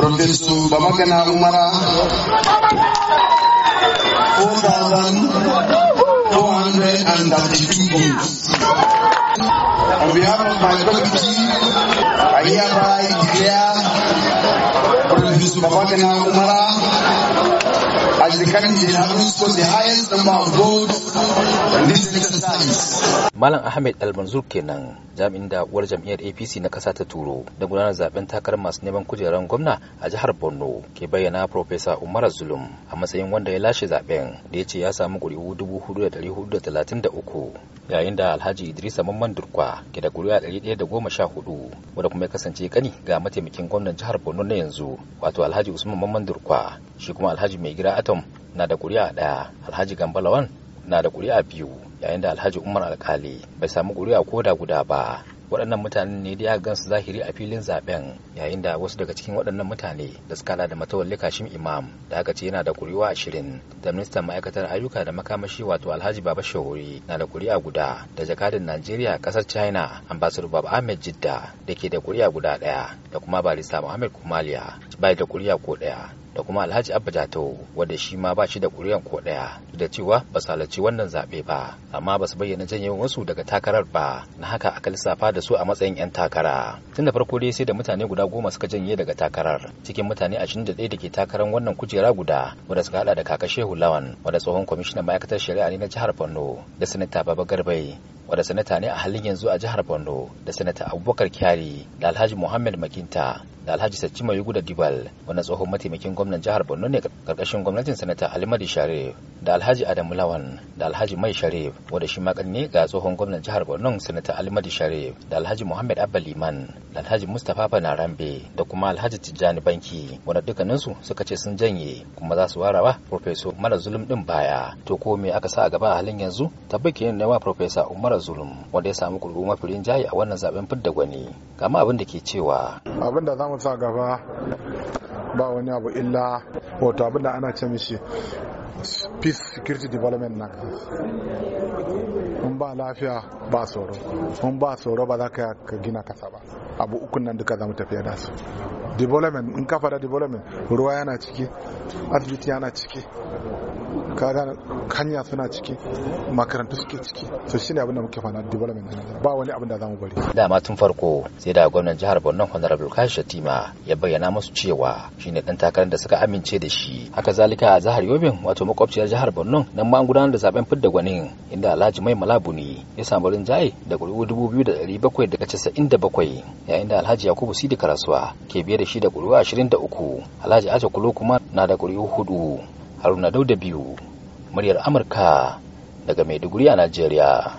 Professor Bamakana Umara, 4,432 votes. On behalf of my committee, I hereby declare Professor Bamakana Umara as the candidate having scored the highest number of votes in this exercise. Malam Ahmed Almanzur kenan. jami'in da uwar jam'iyyar apc na ƙasa ta turo da gudanar zaben takarar masu neman kujerar gwamna a jihar borno ke bayyana profesa umar zulum a matsayin wanda ya lashe zaben da ya ce ya samu ƙuri'u dubu hudu da dari hudu da talatin da uku yayin da alhaji idrisa mamman durkwa ke da ƙuri'a dari ɗaya da goma sha hudu wanda kuma ya kasance kani ga mataimakin gwamnan jihar borno na yanzu wato alhaji usman mamman durkwa shi kuma alhaji mai gira atom na da ƙuri'a ɗaya alhaji gambalawan na da ƙuri'a biyu yayin da alhaji umar alkali bai samu ƙuri'a ko da guda ba waɗannan mutanen ne da ya gansu zahiri a filin zaben yayin da wasu daga cikin waɗannan mutane da suka da matawalli kashim imam da aka ce yana da kuriwa ashirin da ministan ma'aikatar ayyuka da makamashi wato alhaji baba shahuri na da kuri'a guda da jakadin najeriya ƙasar china ambassador baba ahmed jidda da ke da kuri'a guda ɗaya da kuma barista muhammad kumaliya bai da kuri'a ko ɗaya da kuma alhaji abba jato wanda shi ma ba shi da ƙuri'an ko ɗaya da cewa ba su halarci wannan zaɓe ba amma ba su bayyana wasu daga takarar ba na haka aka lissafa da su a matsayin 'yan takara tun da farko dai sai da mutane guda goma suka janye daga takarar cikin mutane ashirin da ɗaya da ke takarar wannan kujera guda wanda suka hada da kaka shehu lawan wanda tsohon kwamishinan ma'aikatar shari'a ne na jihar borno da sanata baba garbai wanda sanata ne a halin yanzu a jihar borno da sanata abubakar kyari da alhaji muhammad makinta da Alhaji yugu da Dibal wanda tsohon mataimakin gwamnan jihar Borno ne karkashin gwamnatin sanata Alimadi Sharif da Alhaji Adamu Lawan da Alhaji Mai Sharif wanda shi ma ne ga tsohon gwamnan jihar Borno sanata Alimadi Sharif da Alhaji Muhammad Abba Liman da Alhaji Mustapha Banarambe da kuma Alhaji Tijjani Banki wanda dukkaninsu suka ce sun janye kuma za su wa Professor mara Zulum din baya to ko me aka sa a gaba a halin yanzu tabbaki ne wa Professor umara Zulum wanda ya samu kurguma firin jayi a wannan zaben fidda gwani kama abin da ke cewa abin da mu sa gaba ba wani abu illa wato abin da ana ce mishi peace security development na in ba lafiya ba tsoro in ba tsoro ba za ka gina kasa ba abu ukun nan duka za mu tafiya da su development in kafa da development ruwa yana ciki asibiti yana ciki kaga kanya suna ciki makarantu suke ciki to shine abin da muke fana development din ba wani abin da zamu bari dama tun farko sai da gwamnan jihar Borno Honorable Kai Shatima ya bayyana musu cewa shine dan takarar da suka amince da shi haka zalika a jihar Yobin wato makwabciyar jihar Borno nan ma an gudanar da zaben fidda gwanin inda Alhaji Mai Malabuni ya samu rinjaye da ƙuri'u 2797 yayin da Alhaji Yakubu Sidi Karasuwa ke biye da shi da ƙuri'u ashirin da uku alhaji aja kulo kuma na da ƙuri'u hudu haruna dauda biyu muryar amurka daga maiduguri a najeriya